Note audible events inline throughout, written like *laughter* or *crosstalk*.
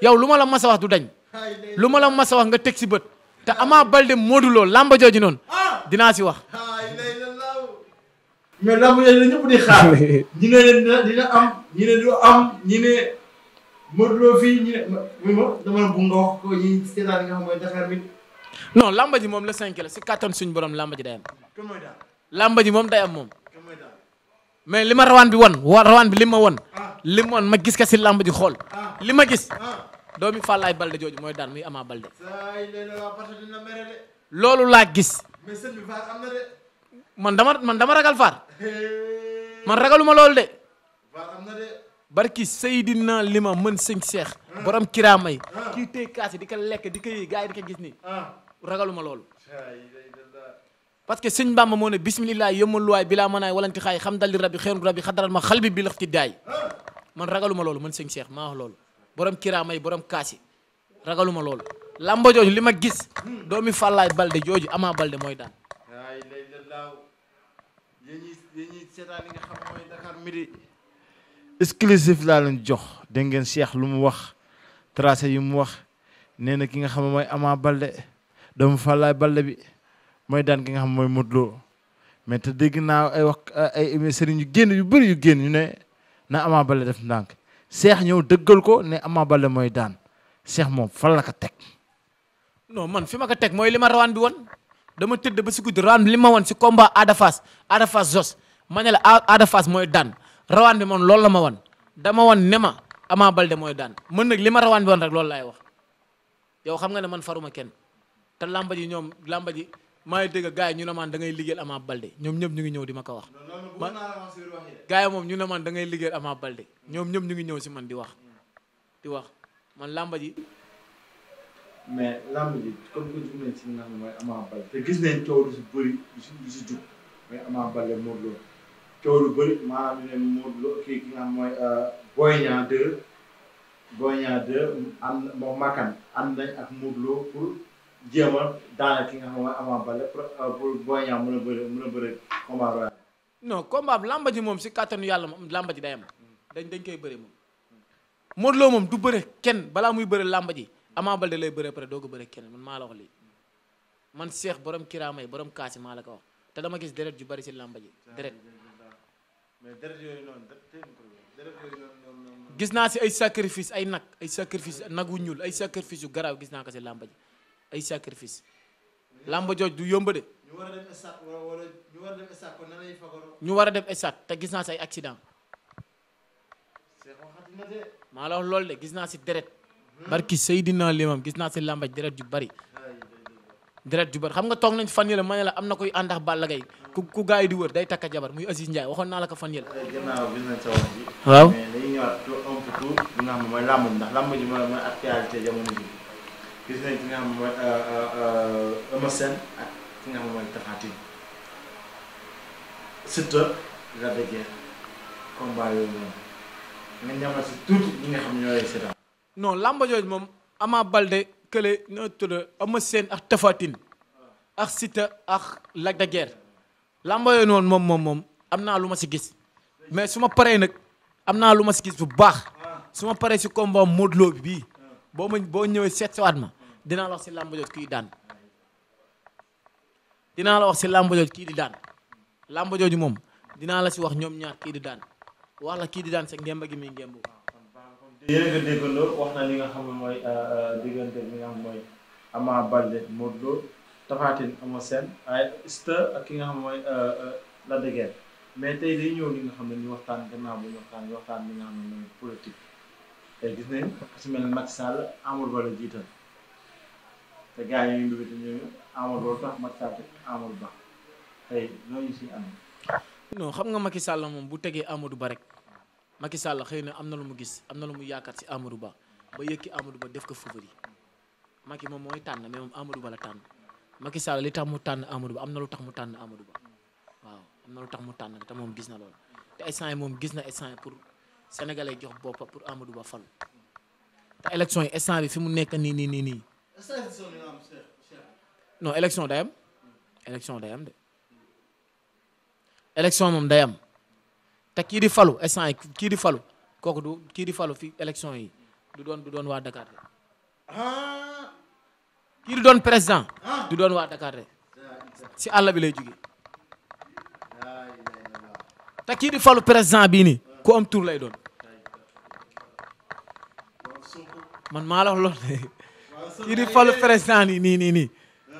yow lu ma la mas a wax du dañ lu ma la mas a wax nga teg si bët te amaa Baldé Modou Lo làmba jooju noonu ah! dinaa si wax. mais làmb yooyu la ñëpp di xaar *laughs* ñi dama bu nga wax ko ñi ji moom la cinq la si kattan suñu borom làmba ji day am. làmba ji moom day am moom. mais li ma rawaan bi won wa rawaan bi li ma won li ma won ma gis ka si làmba ji xool ah. li ma gis ah. doomi Fàllaay Balde jooju mooy daan muy Ama Balde loolu laa gis man dama man dama ragal faar man ragaluma loolu de barki Seydina li ma mën sëñ Cheikh ah. borom kiraamay kii téye kaas yi di ko lekk di ko yëy gars yi di ko gis nii ragaluma loolu parce que sëñ Bamba moo ne bismillah yëmmal luwaay bi laa mën aay walanti xaay xam dal di rabbi xeeru rabbi xadaral ma xal bi bi lax ti daay man ragaluma loolu man sëñ Cheikh maa wax loolu borom kiraamay borom kaasi ragaluma loolu lamba jooju li ma gis doomi fàllaay balde jooju amaa balde mooy mooy Dakar midi jox dégg ngeen Cheikh lu mu wax tracé yu mu wax nee na ki nga xam ne mooy amaa balde doomu fàllaay balde bi mooy daan gi nga xam mooy Modou Lo mais te dégg naa ay wax ay sëriñ yu génn yu bëri yu génn ñu ne na Ama Baldé def ndànk seex ñëw dëggal ko ne Ama Baldé mooy daan seex moom fan la ko teg. non man fi ma ko teg mooy li ma rawaan bi woon dama tëdd ba si guddi rawaan bi li ma woon si combat Ada Fass Jos ma ne la ah, Ada Fass mooy daan rawan bi moon loolu la ma woon dama woon nema ma Ama mooy daan man nag li ma rawaan bi woon rek loolu laay wax yow xam nga ne man faruma kenn te lamba ji ñoom lamba ji. maa ngi dégg gars yi ñu ne man da ngay liggéeyal Ama Balde ñoom ñëpp ñu ngi ñëw di ma ko wax. man gars ñu ne da ngay liggéeyal Ama ñoom ñëpp ñu ngi ñëw si man di wax. di wax man làmba ji. mais làmb ji comme que jug nañ mooy Ama Balde te gis nañ coow lu si bëri mooy Ama Balde Modou Lo lu bëri maanaam ñu ne Modou Lo kii nga mooy euh, Boy Niang 2 Boy Niang 2 am Makan ànd nañ ak Modou pour. jéem a daanaka ki nga xam ne Ama Baldé euh, pour Boy Niang mën a bëri mën a bëri combat royal. non combat lamba ji moom si kàttanu yàlla moom lamba ji day am dañ dañ koy bëri moom. Modou moom du bëre kenn balaa muy bëre lamba ji Ama Baldé lay bëree pare doo ko bëre kenn man maa la wax lii man Cheikh borom kiraamay borom kaasi maa la ko wax te dama gis deret yu bari si lamba ji deret. mais deret gis naa si ay sacrifice ay nag ay sacrifice nag wu ñuul ay sacrifice yu garaaw gis naa ko si lamba ay sacrifice làmb jooj du yomb de. ñu war a def estat wala te gis naa si ay accident. maa la wax loolu de gis naa si deret. barki Seydina Limam gis naa si làmbaj deret ju bari. deret ju bari xam nga toog nañ fan yële ma ne la am na koy àndax Balla Gaye ku ku yi di wër day takka jabar muy Aziz Ndiaye waxoon naa la ko fan yële. gis nañ ki nga xam euh, euh, euh, noonu nga moom Ama Balde kële na tudd Eumeu Sène ak Tapha ak Siteu ak Lac de Guiers làmba noonu moom moom moom am naa lu ma si gis mais su ma paree nag am naa lu ma si gis bu baax ah. su ma paree si combat Modou Lo bii ah. boo ma boo ñëwee seet si ma dinaa la wax si làmb jooju kii daan dinaa la wax si làmb kii di daan jooju moom dinaa la si wax ñoom ñaar kii di daan wax la kii di daan sa ngemba gi muy ngembu. yéen nga xam ne mooy euh, euh, diggante bi nga xam mooy Ama Baldé Modou Lô Tapha Tine waaye Siteu ak ki nga xam mooy euh, Lac de Guiers mais tey day ñëw li nga xam ne ñu waxtaan gannaaw bu ñu waxtaan waxtaan li nga xam ne mooy politique gis mel ne Macky Sall Amadou Ba la jiital te gars yi ñu ngi bëgg a Amadou loolu xam nga Macky Sall moom bu tegee Amadou Ba rek sàll Sall xëy na am na lu mu gis am na lu mu yaakaar si Amadou Ba ba yëkki Amadou Ba def ko favori Macky moom mooy tànn mais moom Amadou Ba la tànn Macky Sall li tax mu tànn Amadou am na lu tax mu tànn Amadou Ba waaw am na lu tax mu tànn te moom gis na loolu te instant moom gis na instant pour sénégalais jox boppam pour Amadou Ba falu te élection yi fi mu nekk nii. non élection day am élection day de élection moom day am falu instant yi falu kooku du kii di falu fi élection yi du doon doon waa Dakar de kii doon président du doon waa Dakar de si àll bi lay jóge te falu président bii nii am tur lay doon kii di falu président nii nii nii nii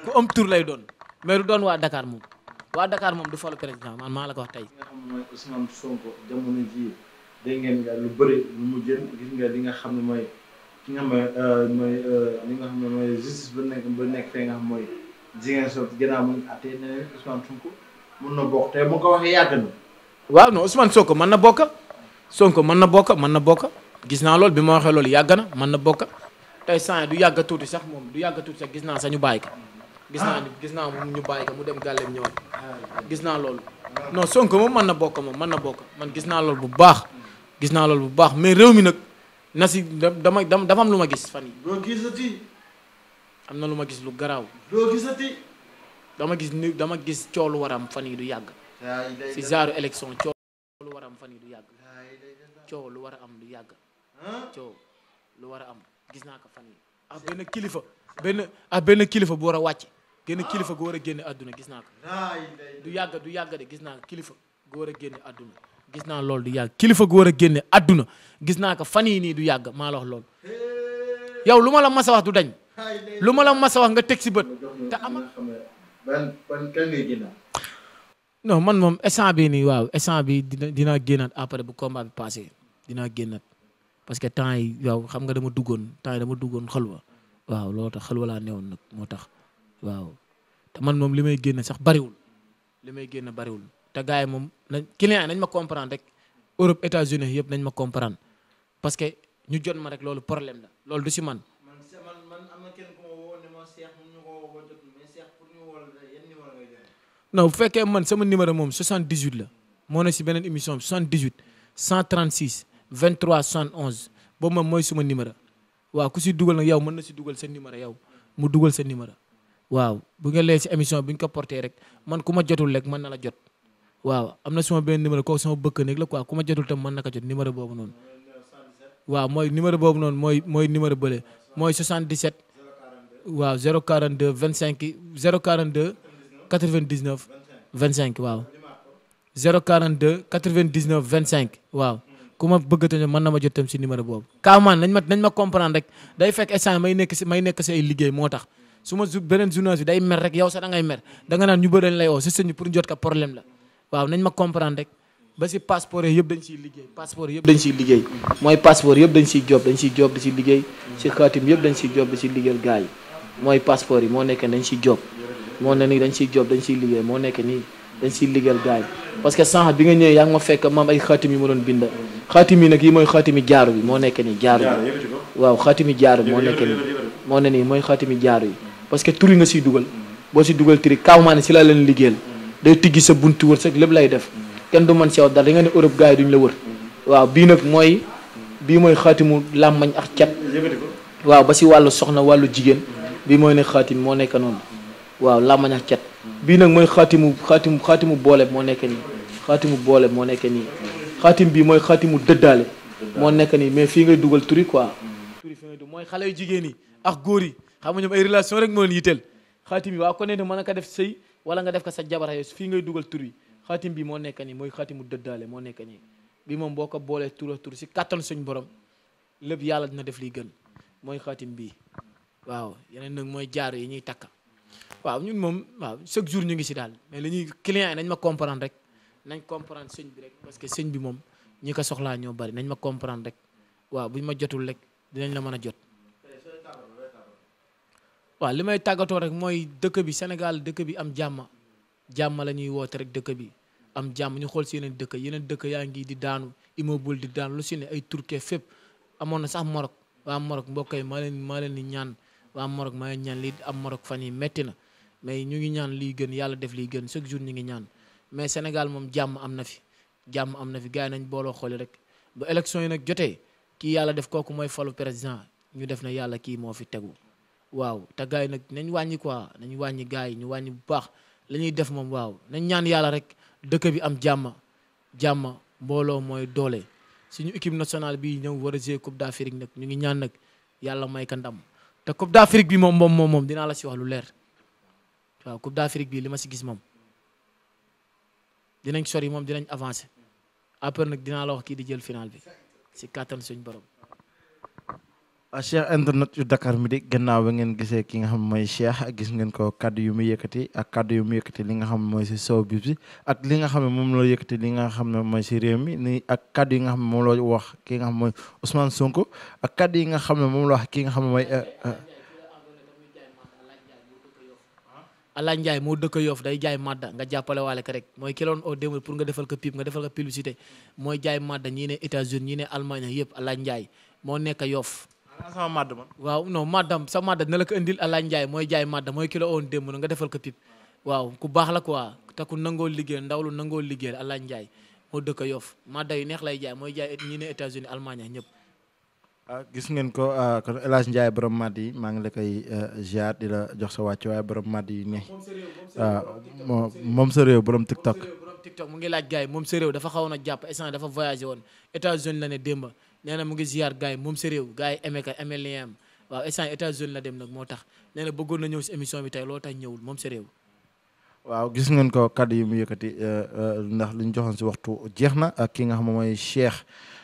ku am tur lay doon mais du doon waa Dakar moom waa Dakar moom du falu président man maa la ko wax tey. nga xam ne mooy Ousmane Sonko jamono jii dégg ngeen nga lu bëri lu mu jën gis nga li nga xam ne mooy ki nga xam ne euh, mooy euh, li nga xam ne mooy justice ba nekk ba nekk fee nga xam mooy jigéen soog ginnaaw mu ngi àttee ne Ousmane Sonko mun na bokk tey mu ko waxee yàgg na. waaw non Ousmane Sonko mën na bokk Sonko mën na bokk mën na bokk gis naa loolu bi ma waxee loolu yàgg na mën na bokk. tey saa du yàgga tuuti sax moom du yàgg tuuti sax gis naa sañu ñu bàyyi ko gis naa gis ñu bàyyi ko mu dem gàlleem ñëwaat gis naa loolu non Sonko moom mën na bokk moom mën na bokk man gis naa loolu bu baax gis naa loolu bu baax mais réew mi nag na si dama dafa am lu ma gis fan yi am na lu ma gis lu garaaw doo gisati dama gis ni dama gis coow lu war am fan yi du yàgg si genre coow lu war a am fan du yàgg coow lu war a am du yàgg coow lu war a am gis naa ko fan yi ah, kilifa ah, benn kilifa bu war a wàcce genn kilifa gu war a génn àdduna gis naa ko du yàgg gis naa kilifa gu war a génn gis naa loolu du yàgg kilifa gu war a génne àdduna gis naa ko fan yii nii du yàgg maa la wax loolu lu ma la mas a du dañ lu la mas a wax nga teg si bët te ama non man moom instant bi nii waaw instant bi dina dinaa génnaat bu combat bi passé dinaa génnaat parce que temps yi waaw xam nga dama duggoon temps yi dama duggoon xalwa waaw loo tax xalwa laa newoon nag moo tax waaw te man moom li may génn sax bariwul li may génn bariwul te gars yi moom nañ client yi nañ ma comprendre rek Europe États-Unis yëpp nañ ma comprendre parce que ñu jot ma rek loolu problème la loolu du si man. man ma woo ne ma Cheikh mun ñu ko woo ba jot la yan numéro ngay joxe. non bu fekkee man sama numéro moom 78 la moo ne si beneen émission bi 78 136. 23 71 boobu moom mooy suma numéro waaw ku si dugal nag yow mën na si dugal sa numéro yow mu dugal sa numéro waaw bu ngeen leen si émission bi nga ko porté rek man ku ma jotul lek mën na la jot waaw am na suma benn numéro kooku sama bëkk néeg la quoi ku ma jotul tam mën na ko jot numéro boobu noonu waaw mooy numéro boobu noonu mooy mooy numéro bële mooy 77 waaw 042 25 042 99 25 waaw 042 99 25 waaw ku ma bëggate mën na ma jot tam si numéro boobu kaamaan nañ ma nañ rek day fekk instant may nekk si liggéey moo tax su ma beneen journaliste day mer rek yow sax da ngay mer da nga naan ñu bëri lañ lay woo si sëñ bi jot ka problème la waaw nañ ma comprendre rek ba si passeport yi yëpp dañ si liggéey mooy passeport yi moo nekk dañ siy job moo ne nii dañ siy job dañ siy liggéey moo nekk nii dañ siy liggéeyal gaañ parce que sànq bi nga ñëwee yaa ngi ma fekk maam ay xaatim yi ma doon bind xaatim yi nag yi mooy xaatimi jaaru bi moo nekk nii jaaru bi waaw xaatimi jaaru moo nekk moo ne nii mooy xaatimi jaaru yi parce que turi nga siy dugal boo si dugal turi kaaw maa si laa leen liggéeyal day tiggi sa bunt wër sax lépp lay def kenn du man si yow dara da nga ne Europe gars yi duñ la wër waaw bii nag mooy bii mooy xaatimu làmmañ ak cat waaw ba si wàllu soxna wàllu jigéen bii mooy ne xaatim moo nekk noonu waaw làmmañ ak cat bii nag mooy xaatimu xaatimu xaatimu boole moo nekk nii mu boole moo nekkee nii xaatim bii mooy xaatimu dëddaale moo nekk nii mais fii ngay dugal turi quoi turi fi ngay mooy xale yu jigéen yi ak góor yi xam nga ñoom ay relation rek moo leen yitteel xaatim bi waa ko ne mën na ko def sëy wala nga def ko sa jabar yooyu fii ngay dugal turi yi xaatim bi moo nekk nii mooy xaati mu dëddaale moo nekk nii bi moom boo ko boolee tur ak tur si kattan suñ borom lépp yàlla dina def lii gën mooy xaatim bii waaw yeneen nag mooy jaar yi ñuy takka waaw ñun moom waaw chaque jour ñu ngi si daal mais li ñuy client yi nañ ma comprendre rek nañ comprendre sëñ bi rek parce que sëñ bi moom ñi ko soxlaa ñoo bari nañ ma comprendre rek waaw buñ ma jotul rek dinañ la mën a jot. waaw li may tàggatoo rek mooy dëkk bi Sénégal dëkk bi am jàmm jàmm la ñuy woote rek dëkk bi am jàmm ñu xool si yeneen dëkk yeneen dëkk yaa ngi di daanu immeuble di daanu lu si ne ay Turquie fépp amoon na sax Maroc waa morok mbokk yi maa leen maa leen di ñaan. waaw Maroc maa ñaan li am Maroc fan yi métti na mais ñu ngi ñaan lii gën yàlla def lii gën chaque jour ñu ngi ñaan mais Sénégal moom jàmm am na fi jàmm am na fi gars nañ booloo xooli rek bu élection yi nag jotee kii yàlla def kooku mooy falu président ñu def na yàlla kii moo fi tegu waaw te yi nag nañ wàññi quoi nañ wàññi gars yi ñu wàññi bu baax la ñuy def moom waaw nañ ñaan yàlla rek dëkk bi am jàmm jàmm mbooloo mooy doole suñu équipe nationale bi ñëw war a jouer coupe d'Afrique nag ñu ngi ñaan nag yàlla may ka ndam te Coupe d'Afrique bi moom moom moom moom dinaa la si wax lu leer waaw Coupe bi li ma si gis moom dinañ sori moom dinañ avancer après nag dinaa la wax kii di jël final bi si kattan suñ borom. Ah, cheikh internet yu Dakar Midi gannaaw ba ngeen gisee ki nga xam mooy a gis ngeen ko kaddu yu muy yëkkati ak kaddu yu muy yëkkati li nga xam mooy si sow bi si li nga xam ne moom la yëkkati li nga xam ne mooy si réew mi ni ak kaddu yi nga xam ne moom la wax ki nga xam mooy Ousmane Sonko ak yi nga xam ne moom la wax ki nga xam ne mooy. Eh, eh. Alane Ndiaye moo dëkk Yoff day jaay madda nga jàppale waale ko rek mooy kiloon au pour nga defal ko pub nga defal ko publicité jaay madda ñii ne États-Unis ne Allemagne yëpp Alane Ndiaye moo nekk Yoff sama madd man waaw non maddam sa madda na la ko indil Alaaj Njaay mooy jaay madda mooy kilo oon démb na nga defal ko tit waaw ku baax la quoi te ku nangoo liggéey ndaw lu nangoo liggéey Alaaj Njaay moo dëkk Yoff madda yu neex lay jaay mooy jaay ñi ne États-Unis Allemagne ñëpp ah, gis ngeen ko ah, kon El Hadj Ndiaye borom yi maa ngi la koy eh, ziar di la jox sa wàcc waaye borom madd yi ne waaw ah, moom sa réew borom tok mu ngi laaj gars moom sa réew dafa xawoon a jàpp instant dafa voyagé woon États-Unis nee mu ngi ziar gars yi moom sa réew gars yi aimé ka aimé lien waaw instant États-Unis la dem nag moo tax nee na bëggoon na ñëw si émission bi tey loolu tax ñëwul moom sa réew. waaw gis nga ko kàddu yi mu yëkkati euh, euh, ndax li ñu joxoon si waxtu jeex na ak ki nga xam mooy Cheikh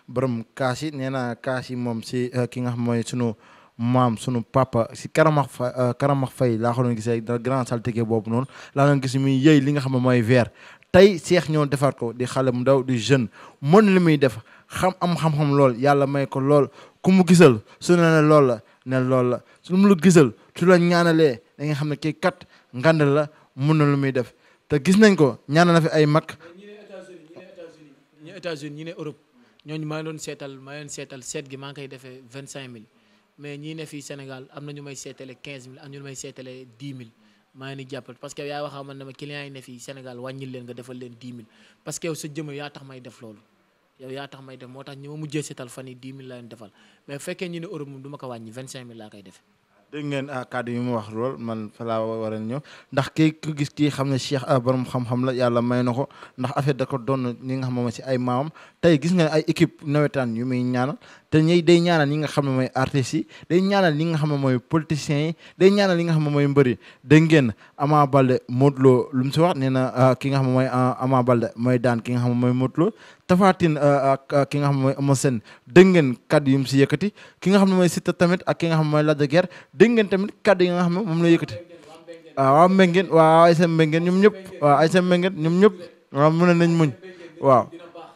borom kaas yi nee naa kaas yi moom si euh, ki nga xam mooy sunu. maam sunu papa si karamax fa karamax fay laa ko doon gisee da grand saltige boobu noonu laa doon gis muy yëy li nga xam ne mooy verre tey seex ñoo defaat ko di xale mu ndaw di jeune mën li muy def xam am xam-xam lool yàlla may ko lool ku mu gisal su ne la lool la ne lool la su mu lu gisal su la ñaanalee da nga xam ne kii kat ngand la mun na lu muy def te gis nañ ko ñaanal na fi ay mag. ñi ne États-Unis ñi ne États-Unis ñi ne États-Unis ñi ne Europe ñooñu maa ngi doon seetal maa ngi doon seetal seet gi maa ngi koy defee vingt cinq mille mais ñii ne fii Sénégal am na ñu may seetale quinze mille am ñu may seetale dix mille. maa ngi ni jàppal parce que yow yaa waxaa man ne ma client yi ne fii Sénégal wàññil leen nga defal leen dix mille parce que yow sa jëmm yaa tax may def loolu yow yaa tax may def moo tax ñi ma mujjee seetal fan yi 10 000 laa leen defal mais fekkee ñu ne Europe moom du ma ko wàññi 25000 laa koy def. dégg ngeen ah, kàddu yu mu wax lool man fa laa war a ñëw ndax ke ku gis kii xam ne Cheikh ah, borom xam-xam la yàlla may na ko ndax affaire da ko doon ñi nga xam moom si ay maamam tey gis nga ay équipe nawetaan yu muy ñaanal te ñi day ñaanal ñi nga xam ne mooy artistes yi day ñaanal nga xam ne mooy politiciens yi ñaanal ñi nga xam ne mooy mbëri dégg ngeen Ama Baldé Modou Lo lu mu si wax nee na euh, ki nga xam ne mooy euh, Ama Baldé mooy daan ki nga xam ne mooy Modou Lo Tapha Tine euh, ak ki nga xam ne mooy Eumeu Sène dégg ngeen kaddu yu mu si yëkkati ki nga xam ne mooy Siteu tamit ak ki nga xam ne la Lac de ngeen tamit kaddu yi nga xam ne moom la yëkkati waaw waa Mbengue waaw ay seen Mbengue ñoom ñëpp waaw ay seen Mbengue ñoom ñëpp waaw mën nañ muñ waaw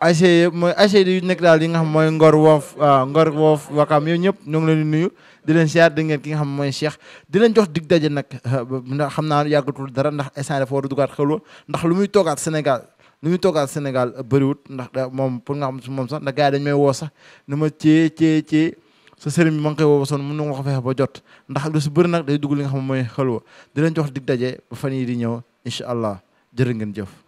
ASC yëpp mooy ASC yu nekk daal yi nga xam mooy Ngor Woof Ngor Woof Wakam yooyu ñëpp ñoo ngi leen di nuyu di leen siyaar di ngeen ki nga xam mooy Cheikh di leen jox dig daje nag euh, ndax xam naa yàggatul dara ndax instant dafa war a dugaat ndax lu muy toogaat Sénégal lu muy toogaat Sénégal bëriwut ndax moom pour nga xam su moom sax ndax gars dañ may woo sax ni ma cee cee cee sa sëriñ bi woo ba sonn na ko fexe ba jot ndax lu si bëri nag day dugg li nga xam mooy xelwa di leen jox dig daje ba fan yi di ñëw incha allah jërë ngeen jëf